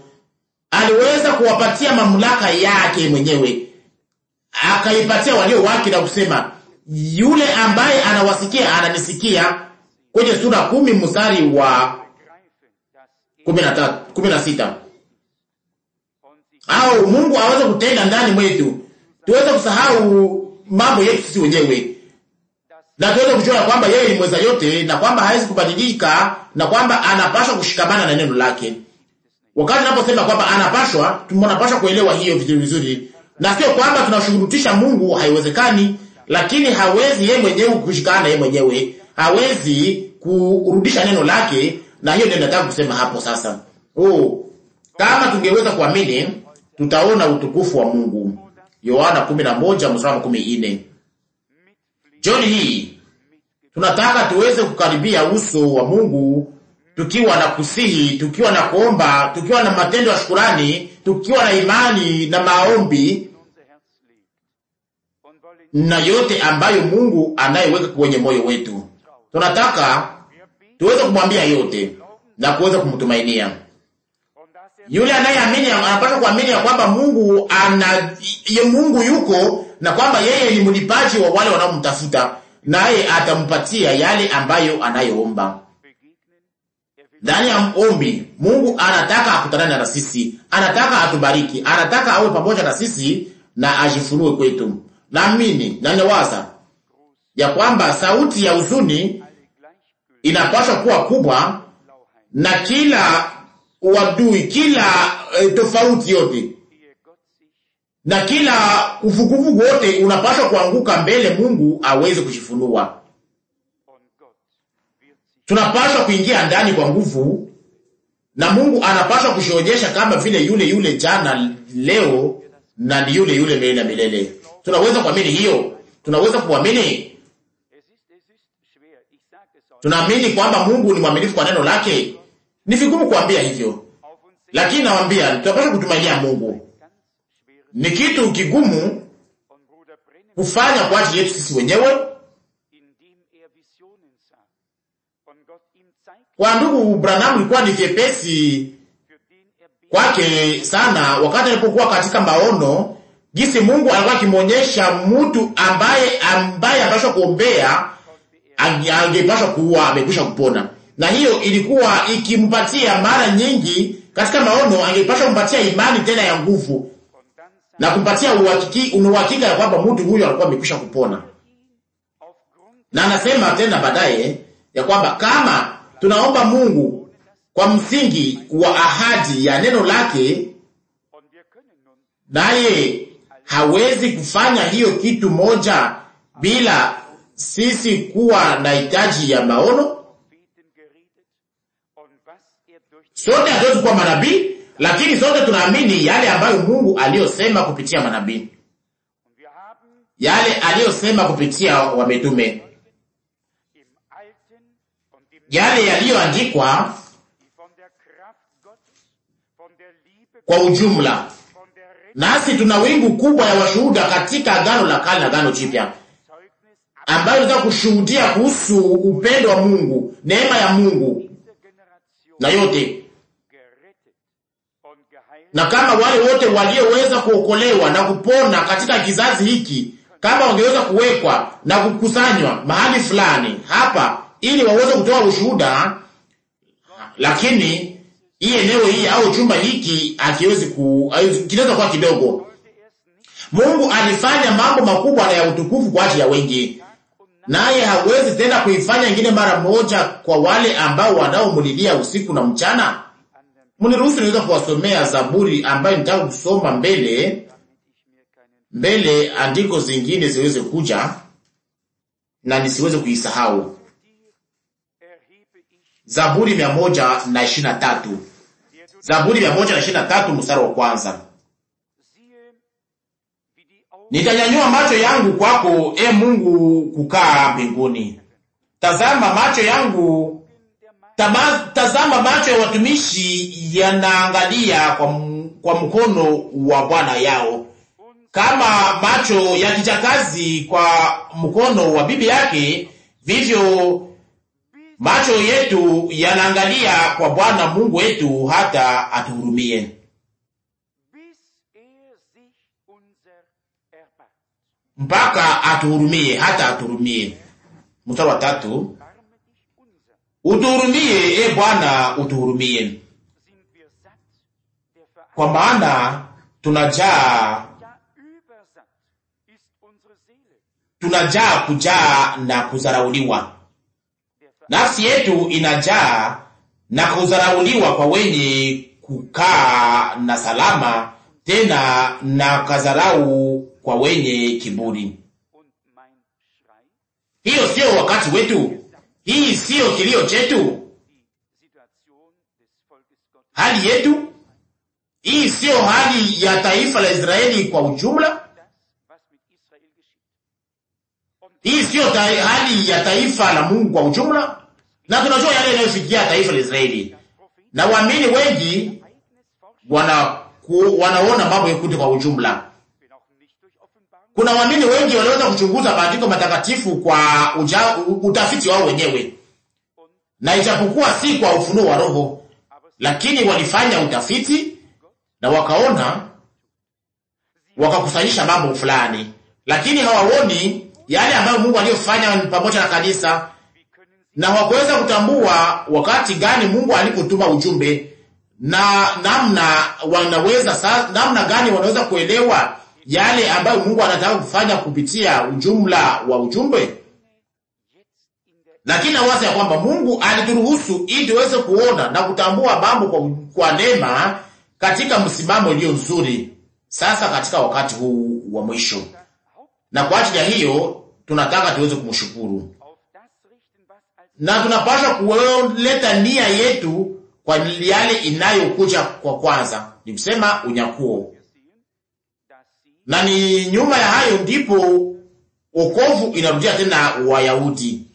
Aliweza kuwapatia mamlaka yake mwenyewe, akaipatia walio wake na kusema, yule ambaye anawasikia ananisikia, kwenye sura kumi mstari wa kumi na sita. Au Mungu aweze kutenda ndani mwetu tuweze kusahau mambo yetu sisi wenyewe, na tuweze kujua ya kwamba yeye ni mweza yote na kwamba hawezi kubadilika na kwamba anapashwa kushikamana na neno lake. Wakati naposema kwamba anapashwa, tunapashwa kuelewa hiyo vizuri vizuri, na sio kwamba tunashurutisha Mungu, haiwezekani. Lakini hawezi yeye mwenyewe kushikana yeye mwenyewe, hawezi kurudisha neno lake, na hiyo ndio nataka kusema hapo sasa. Oh, kama tungeweza kuamini, tutaona utukufu wa Mungu. Yohana 11 mstari 14. Jioni hii tunataka tuweze kukaribia uso wa Mungu tukiwa na kusihi, tukiwa na kuomba, tukiwa na matendo ya shukurani, tukiwa na imani na maombi na yote ambayo Mungu anayeweka kwenye moyo wetu. Tunataka tuweze kumwambia yote na kuweza kumtumainia. Yule anayeamini anapaswa kuamini ya kwamba Mungu ana Mungu yuko na kwamba yeye ni mlipaji wa wale wanaomtafuta, naye atampatia yale ambayo anayoomba. Ndani ya ombi, Mungu anataka akutanane na sisi, anataka atubariki, anataka awe pamoja na sisi na ajifunue kwetu. Naamini na ninawaza ya kwamba sauti ya huzuni inapaswa kuwa kubwa na kila uadui, kila e, tofauti yote na kila uvuguvugu wote unapaswa kuanguka mbele Mungu aweze kujifunua. Tunapaswa kuingia ndani kwa nguvu, na Mungu anapaswa kujionyesha kama vile yule yule jana, leo na ni yule yule milele na milele. Tunaweza kuamini hiyo? Tunaweza kuamini? Tunaamini kwamba Mungu ni mwaminifu kwa neno lake. Ni vigumu kuambia hivyo, lakini nawaambia tunapaswa kutumainia Mungu. Ni kitu kigumu kufanya kwa ajili yetu sisi wenyewe. Kwa ndugu Branham ilikuwa ni vyepesi kwake sana wakati alipokuwa katika maono, jinsi Mungu alikuwa akimwonyesha mtu ambaye ambaye anapaswa kuombea angepaswa kuwa amekwisha kupona na hiyo ilikuwa ikimpatia mara nyingi katika maono, angepasha kumpatia imani tena ya nguvu na kumpatia uhakika ya kwamba mtu huyo alikuwa amekwisha kupona. Na anasema tena baadaye ya kwamba kama tunaomba Mungu kwa msingi wa ahadi ya neno lake, naye hawezi kufanya hiyo kitu moja bila sisi kuwa na hitaji ya maono Sote hatuwezi kuwa manabii, lakini sote tunaamini yale ambayo Mungu aliyosema kupitia manabii, yale aliyosema kupitia wametume, yale yaliyoandikwa kwa ujumla. Nasi tuna wingu kubwa ya washuhuda katika Agano la Kale na Agano Jipya ambayo za kushuhudia kuhusu upendo wa Mungu, neema ya Mungu na yote na kama wale wote walioweza kuokolewa na kupona katika kizazi hiki, kama wangeweza kuwekwa na kukusanywa mahali fulani hapa, ili waweze kutoa ushuhuda, lakini hii eneo hii au chumba hiki hakiwezi ku kinaweza kuwa kidogo. Mungu alifanya mambo makubwa na ya utukufu kwa ajili ya wengi, naye hawezi tena kuifanya ingine mara moja kwa wale ambao wanaomlilia usiku na mchana. Mniruhusu niweza kuwasomea Zaburi ambayo nitaka kusoma mbele mbele, andiko zingine ziweze kuja na nisiweze kuisahau. Zaburi mia moja na ishirini na tatu Zaburi mia moja na ishirini na tatu mstari wa kwanza nitanyanyua macho yangu kwako, e Mungu, kukaa mbinguni. Tazama macho yangu Tazama, macho ya watumishi yanaangalia kwa, kwa mkono wa bwana yao, kama macho ya kijakazi kwa mkono wa bibi yake, vivyo macho yetu yanaangalia kwa Bwana Mungu wetu hata atuhurumie. Mpaka atuhurumie hata atuhurumie. Mstari wa tatu utuhurumie, e Bwana, utuhurumie, kwa maana tunajaa tunajaa kujaa na kuzarauliwa. Nafsi yetu inajaa na kuzarauliwa kwa wenye kukaa na salama, tena na kazarau kwa wenye kiburi. Hiyo sio wakati wetu, hii siyo kilio chetu, hali yetu hii siyo hali ya taifa la Israeli kwa ujumla. Hii siyo hali ya taifa la Mungu kwa ujumla, na tunajua yale yanayofikia taifa la Israeli, na waamini wengi wana, ku, wanaona mambo yote kwa ujumla kuna waamini wengi waliweza kuchunguza maandiko matakatifu kwa uja, utafiti wao wenyewe, na ijapokuwa si kwa ufunuo wa Roho, lakini walifanya utafiti na wakaona, wakakusanyisha mambo fulani, lakini hawaoni yale ambayo Mungu aliyofanya pamoja na kanisa, na hawakuweza kutambua wakati gani Mungu alipotuma ujumbe na namna wanaweza namna gani wanaweza kuelewa yale ambayo Mungu anataka kufanya kupitia ujumla wa ujumbe. Lakini nawaza ya kwamba Mungu alituruhusu ili tuweze kuona na kutambua mambo kwa, kwa neema katika msimamo iliyo nzuri, sasa katika wakati huu wa mwisho, na kwa ajili ya hiyo tunataka tuweze kumshukuru na tunapaswa kuleta nia yetu kwa yale inayokuja kwa kwanza, ni kusema unyakuo na ni nyuma ya hayo ndipo wokovu inarudia tena Wayahudi.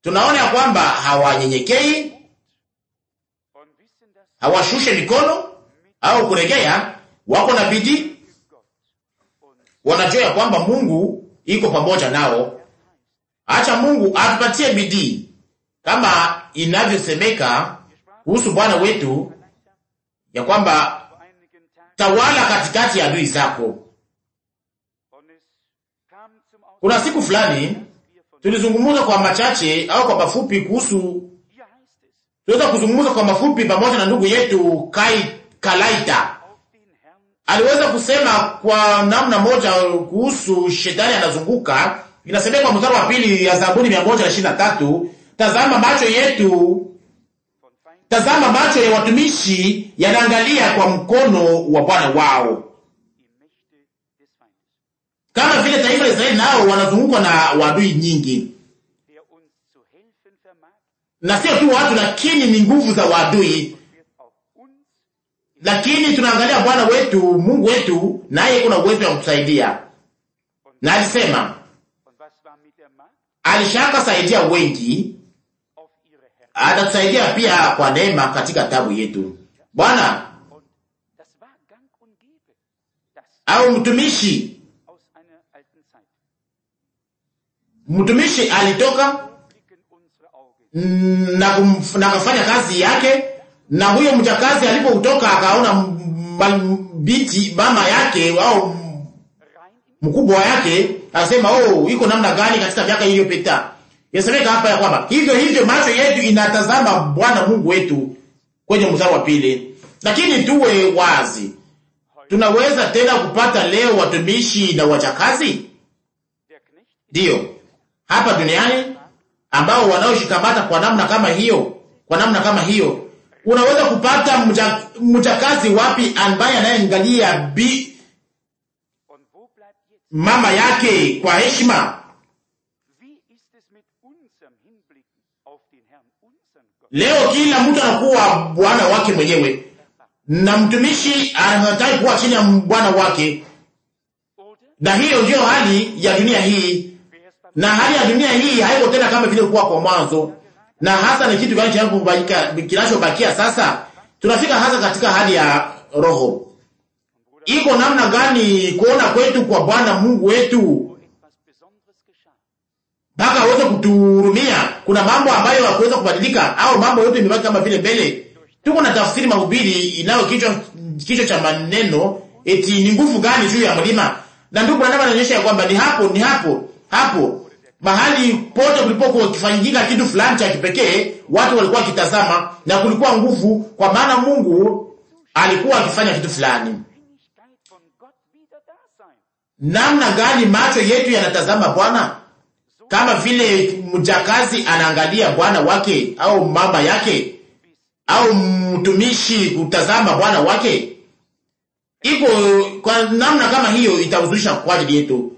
Tunaona ya kwamba hawanyenyekei, hawashushe mikono au kuregea, wako na bidii, wanajua ya kwamba Mungu iko pamoja nao. Acha Mungu atupatie bidii kama inavyosemeka kuhusu Bwana wetu ya kwamba tawala katikati ya adui zako kuna siku fulani tulizungumza kwa machache au kwa mafupi kuhusu, tuweza kuzungumza kwa mafupi pamoja na ndugu yetu Kai Kalaita. Aliweza kusema kwa namna moja kuhusu shetani anazunguka. Inasemeka kwa mstari wa pili ya Zaburi 123, tazama macho yetu tazama macho ya watumishi yanaangalia kwa mkono wa Bwana wao kama vile taifa la Israeli nao wanazungukwa na wadui nyingi, na sio tu watu, lakini ni nguvu za wadui. Lakini tunaangalia Bwana wetu Mungu wetu, naye kuna uwezo wa kutusaidia, na alisema alishaka saidia wengi, atatusaidia pia kwa neema katika tabu yetu. Bwana au mtumishi Mtumishi alitoka na, kumf, kazi yake, na huyo mjakazi alipotoka akaona binti mama yake au mkubwa yake, akasema oh, iko namna gani katika miaka iliyopita. Yasemeka hapa ya kwamba hivyo hivyo macho yetu inatazama Bwana Mungu wetu kwenye mstari wa pili. Lakini tuwe wazi, tunaweza tena kupata leo watumishi na wachakazi? Ndiyo, hapa duniani ambao wanaoshikamata kwa namna kama hiyo, kwa namna kama hiyo, unaweza kupata mjakazi wapi ambaye anayeangalia bi mama yake kwa heshima? Leo kila mtu anakuwa bwana wake mwenyewe, na mtumishi anataka kuwa chini ya bwana wake, na hiyo ndiyo hali ya dunia hii na hali ya dunia hii haiko tena kama vile ilikuwa kwa mwanzo, na hasa ni kitu gani kinachobakia sasa. Tunafika hasa katika hali ya roho. Iko namna gani kuona kwetu kwa Bwana Mungu wetu mpaka aweze kutuhurumia? Kuna mambo ambayo hakuweza kubadilika, au mambo yote imebaki kama vile mbele. Tuko na tafsiri mahubiri inayo kichwa kichwa cha maneno eti ni nguvu gani juu ya mlima, na ndugu anaonyesha ya kwamba ni hapo, ni hapo hapo mahali pote kulipokuwa kifanyika kitu fulani cha kipekee, watu walikuwa wakitazama na kulikuwa nguvu, kwa maana Mungu alikuwa akifanya kitu fulani. Namna gani macho yetu yanatazama Bwana? Kama vile mjakazi anaangalia bwana wake au mama yake au mtumishi kutazama bwana wake, iko kwa namna kama hiyo, itahuzunisha kwa ajili yetu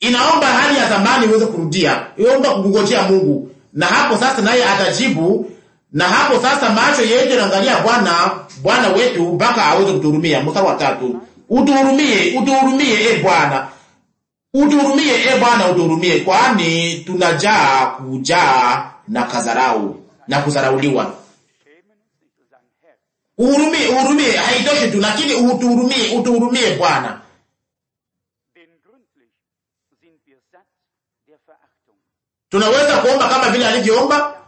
inaomba hali ya zamani iweze kurudia, inaomba kungojea Mungu, na hapo sasa naye atajibu, na hapo sasa macho yetu yanaangalia Bwana, Bwana wetu mpaka aweze kutuhurumia. Mstari wa tatu, utuhurumie, utuhurumie e Bwana, utuhurumie e Bwana, utuhurumie, kwani tunajaa kujaa na kadharau na kuzarauliwa. Uhurumie, uhurumie, haitoshi tu, lakini utuhurumie, utuhurumie Bwana Tunaweza kuomba kama vile alivyoomba,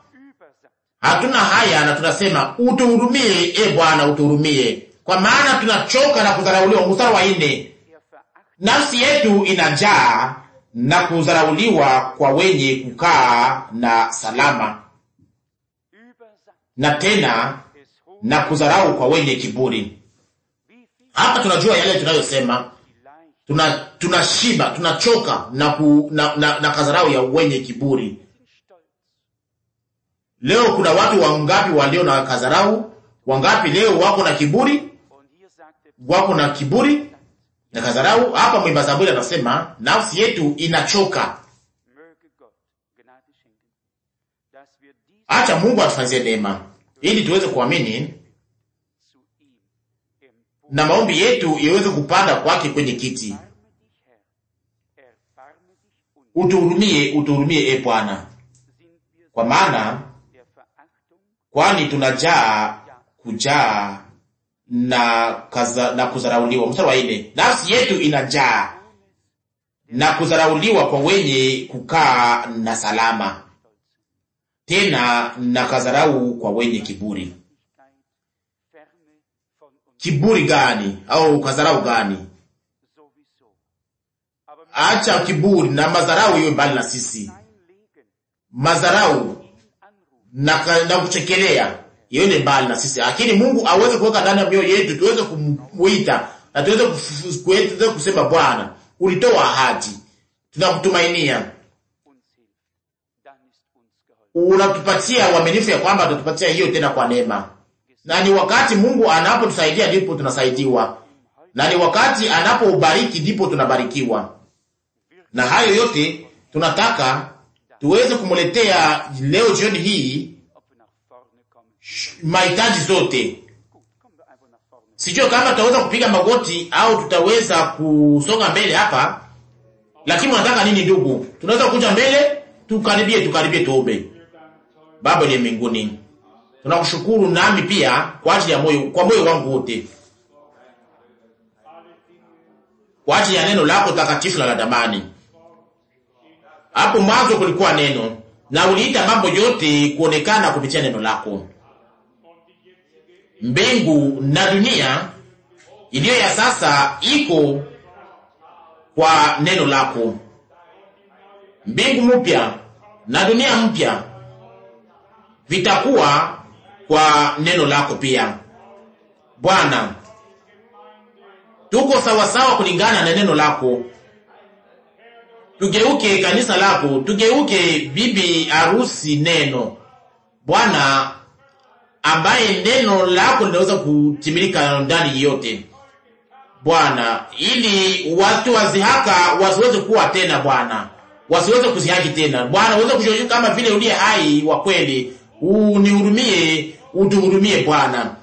hatuna haya, na tunasema utuhurumie, e Bwana, utuhurumie, kwa maana tunachoka na kudharauliwa. Mstari wa nne, nafsi yetu inajaa na kudharauliwa kwa wenye kukaa na salama, na tena na kudharau kwa wenye kiburi. Hapa tunajua yale tunayosema tunashiba tuna tunachoka na, ku, na, na, na kadharau ya wenye kiburi. Leo kuna watu wangapi walio na kadharau? Wangapi leo wako na kiburi, wako na kiburi na kadharau? Hapa mwimba Zaburi anasema nafsi yetu inachoka. Acha Mungu atufanyie neema ili tuweze kuamini na maombi yetu yaweze kupanda kwake kwenye kiti. Utuhurumie, utuhurumie e Bwana, kwa maana kwani tunajaa kujaa na kaza, na kuzarauliwa. Mstari wa nne, nafsi yetu inajaa na kuzarauliwa kwa wenye kukaa na salama, tena na kazarau kwa wenye kiburi kiburi gani au kadharau gani? Acha kiburi na madharau iwe mbali na sisi, madharau na, na kuchekelea iende mbali na sisi, lakini Mungu aweze kuweka ndani ya mioyo yetu tuweze kumuita na tuweze kusema Bwana, ulitoa ahadi, tunakutumainia unatupatia uaminifu ya kwamba utatupatia hiyo tena kwa neema na ni wakati Mungu anapotusaidia ndipo tunasaidiwa, na ni wakati anapoubariki ndipo tunabarikiwa. Na hayo yote tunataka tuweze kumletea leo jioni hii mahitaji zote. Sijui kama tutaweza kupiga magoti au tutaweza kusonga mbele hapa, lakini unataka nini ndugu? Tunaweza kuja mbele, tukaribie, tukaribie, tuombe. Baba ni mbinguni Tunakushukuru nami pia kwa ajili ya moyo, kwa moyo wangu wote, kwa ajili ya neno lako takatifu na la damani. Hapo mwanzo kulikuwa neno, na uliita mambo yote kuonekana kupitia neno lako. Mbingu na dunia iliyo ya sasa iko kwa neno lako. Mbingu mpya na dunia mpya vitakuwa kwa neno lako pia Bwana, tuko sawasawa kulingana na neno lako. Tugeuke kanisa lako, tugeuke bibi harusi neno Bwana, ambaye neno lako linaweza kutimilika ndani yote Bwana, ili watu wazihaka wasiweze kuwa tena Bwana, wasiweze kuzihaki tena Bwana, uweze kushoshika kama vile uliye hai wa kweli. Unihurumie utuhudumie Bwana.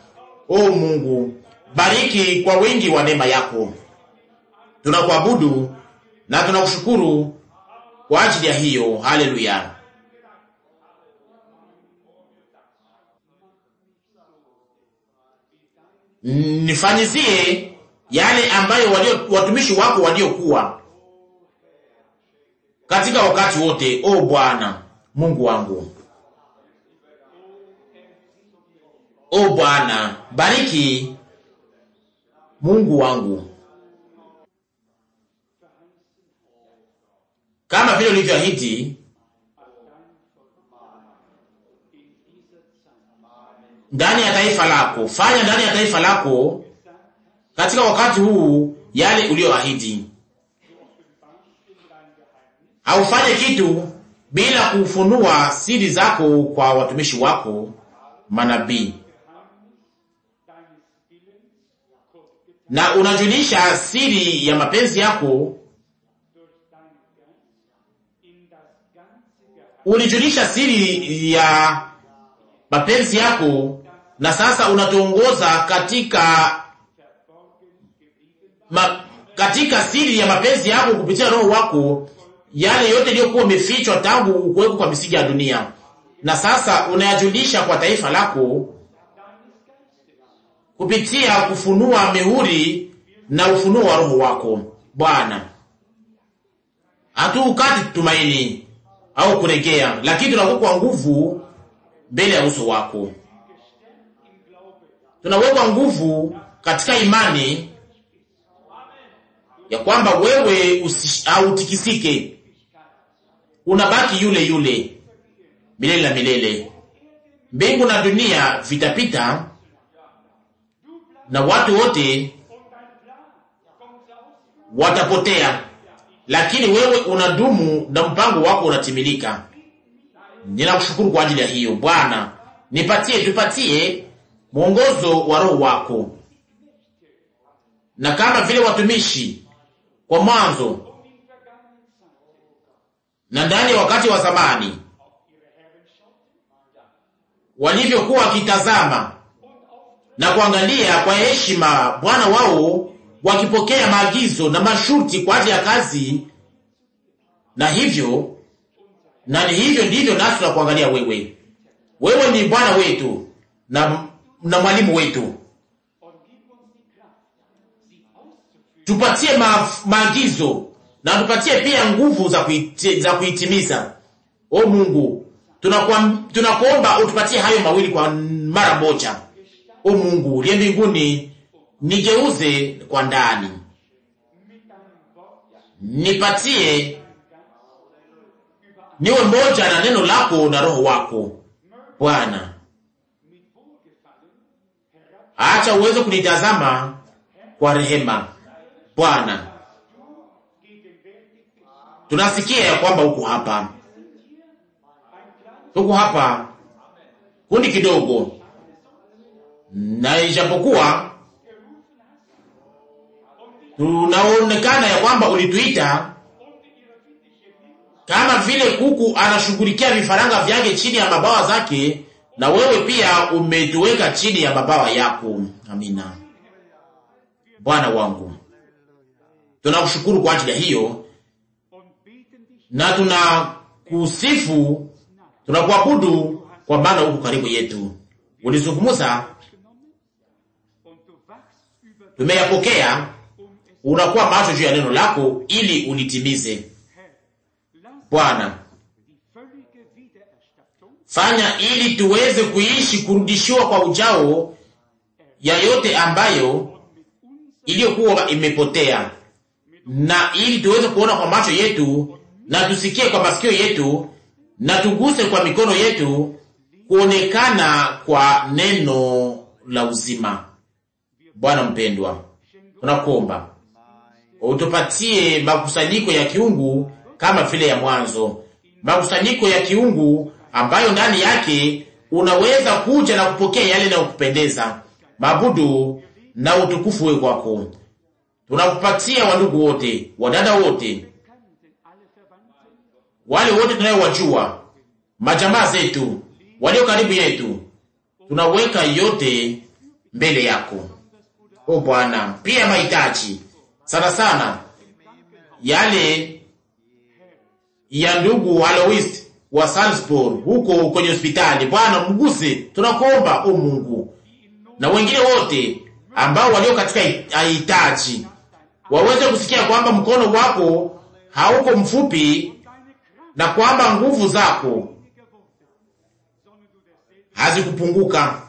O Mungu, bariki kwa wingi wa neema yako. Tunakuabudu na tunakushukuru kwa ajili ya hiyo. Haleluya. Nifanyizie yale ambayo walio watumishi wako waliokuwa katika wakati wote, o Bwana Mungu wangu. O Bwana, bariki Mungu wangu kama vile ulivyoahidi ndani ya taifa lako. Fanya ndani ya taifa lako katika wakati huu yale uliyoahidi. Haufanye kitu bila kufunua siri zako kwa watumishi wako manabii. na unajulisha siri ya mapenzi yako, ulijulisha siri ya mapenzi yako, na sasa unatuongoza katika ma, katika siri ya mapenzi yako kupitia Roho wako, yale yote iliyokuwa umefichwa tangu kuwekwa kwa misingi ya dunia, na sasa unayajulisha kwa taifa lako kupitia kufunua mihuri na ufunuo wa Roho wako Bwana. Hatuukati tumaini au kuregea, lakini tunawekwa nguvu mbele ya uso wako, tunawekwa nguvu katika imani ya kwamba wewe hautikisike, unabaki yule yule milele na milele. Mbingu na dunia vitapita na watu wote watapotea, lakini wewe unadumu na mpango wako unatimilika. Ninakushukuru kwa ajili ya hiyo Bwana, nipatie tupatie mwongozo wa roho wako, na kama vile watumishi kwa mwanzo na ndani ya wakati wa zamani walivyokuwa wakitazama na kuangalia kwa heshima bwana wao wakipokea maagizo na masharti kwa ajili ya kazi, na hivyo na hivyo ndivyo nasi na kuangalia wewe. Wewe ni Bwana wetu na, na mwalimu wetu, tupatie maagizo na tupatie pia nguvu za, kuiti, za kuitimiza. O Mungu, tunakuomba utupatie hayo mawili kwa mara moja. O Mungu uliye mbinguni, nigeuze kwa ndani, nipatie niwe moja na neno lako na roho wako Bwana. Acha uweze kunitazama kwa rehema Bwana. Tunasikia ya kwamba huko hapa, huko hapa kundi kidogo na ijapokuwa tunaonekana ya kwamba ulituita kama vile kuku anashughulikia vifaranga vyake chini ya mabawa zake, na wewe pia umetuweka chini ya mabawa yako. Amina. Bwana wangu, tunakushukuru kwa ajili ya hiyo, na tunakusifu, tunakuabudu kwa maana huko karibu yetu ulizungumza umeyapokea, unakuwa macho juu ya neno lako ili unitimize. Bwana, fanya ili tuweze kuishi kurudishiwa kwa ujao ya yote ambayo iliyokuwa imepotea, na ili tuweze kuona kwa macho yetu na tusikie kwa masikio yetu na tuguse kwa mikono yetu kuonekana kwa neno la uzima. Bwana mpendwa, tunakuomba utupatie makusanyiko ya kiungu kama vile ya mwanzo, makusanyiko ya kiungu ambayo ndani yake unaweza kuja na kupokea yale yanayokupendeza. Mabudu na utukufu we kwako, tunakupatia wandugu wote, wadada wote, wale wote tunayowajua, majamaa zetu walio karibu yetu, tunaweka yote mbele yako o Bwana, pia mahitaji sana sana yale ya ndugu Alois wa Salzburg huko kwenye hospitali. Bwana, mguse, tunakuomba o Mungu, na wengine wote ambao walio katika hitaji waweze kusikia kwamba mkono wako hauko mfupi na kwamba nguvu zako hazikupunguka,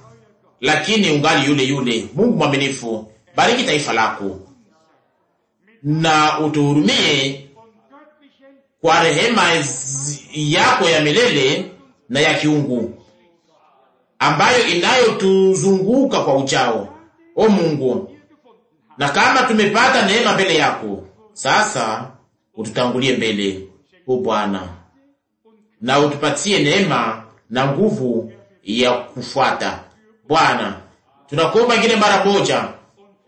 lakini ungali yule yule Mungu mwaminifu bariki taifa lako na utuhurumie kwa rehema yako ya milele na ya kiungu ambayo inayotuzunguka kwa uchao, o Mungu. Na kama tumepata neema mbele yako, sasa ututangulie mbele, o Bwana, na utupatie neema na nguvu ya kufuata Bwana. Tunakuomba ngine mara moja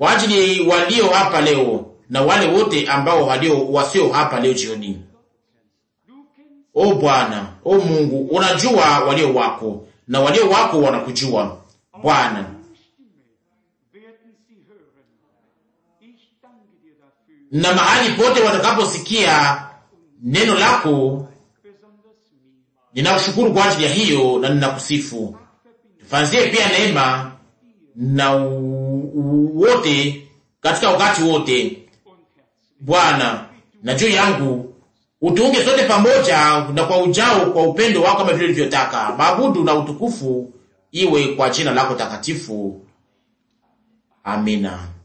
kwa ajili walio hapa leo na wale wote ambao walio wasio hapa leo jioni. O Bwana, o Mungu, unajua walio wako na walio wako wanakujua Bwana. Na mahali pote watakaposikia neno lako, ninakushukuru kwa ajili ya hiyo na ninakusifu. Tufanzie pia neema na wote katika wakati wote. Bwana na juu yangu utuunge sote pamoja na kwa ujao kwa upendo wako kama vile ulivyotaka. mabudu na utukufu iwe kwa jina lako takatifu. Amina.